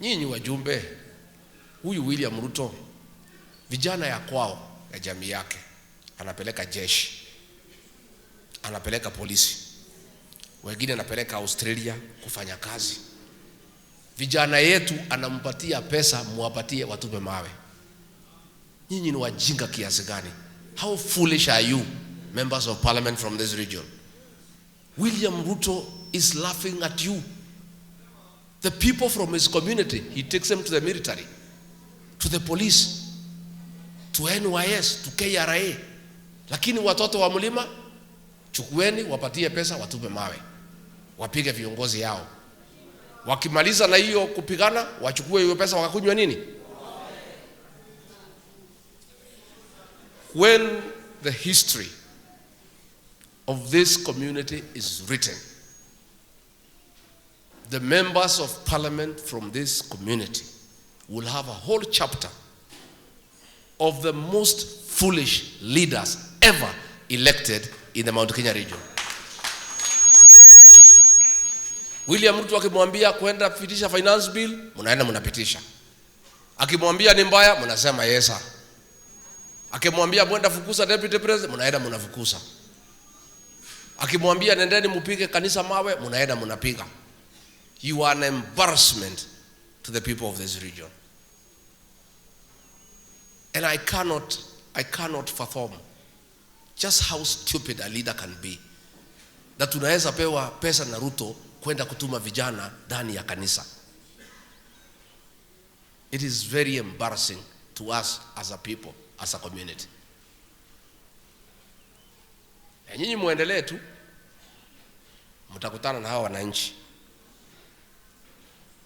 nyinyi wajumbe, huyu William Ruto vijana ya kwao ya jamii yake anapeleka jeshi, anapeleka polisi, wengine anapeleka Australia kufanya kazi. Vijana yetu anampatia pesa, muwapatie watupe mawe. Nyinyi ni wajinga kiasi gani? How foolish are you members of parliament from this region? William Ruto is laughing at you the people from his community, he takes them to the military, to the police, to NYS, to KRA. Lakini watoto wa mlima chukueni, wapatie pesa, watupe mawe, wapige viongozi yao. Wakimaliza na hiyo kupigana, wachukue hiyo pesa wakakunywa nini? When the history of this community is written the members of parliament from this community will have a whole chapter of the most foolish leaders ever elected in the Mount Kenya region. William Ruto akimwambia kwenda pitisha finance bill, mnaenda mnapitisha. Akimwambia ni mbaya, mnasema yesa. Akimwambia mwenda fukusa deputy president, mnaenda mnafukusa. Akimwambia nendeni mupige kanisa mawe, mnaenda mnapiga. You are an embarrassment to the people of this region. And I cannot, I cannot perform just how stupid a leader can be, That tunaweza pewa pesa na Ruto kwenda kutuma vijana ndani ya kanisa. It is very embarrassing to us as a people, as a community. Na nyinyi muendelee tu, mtakutana na hawa wananchi.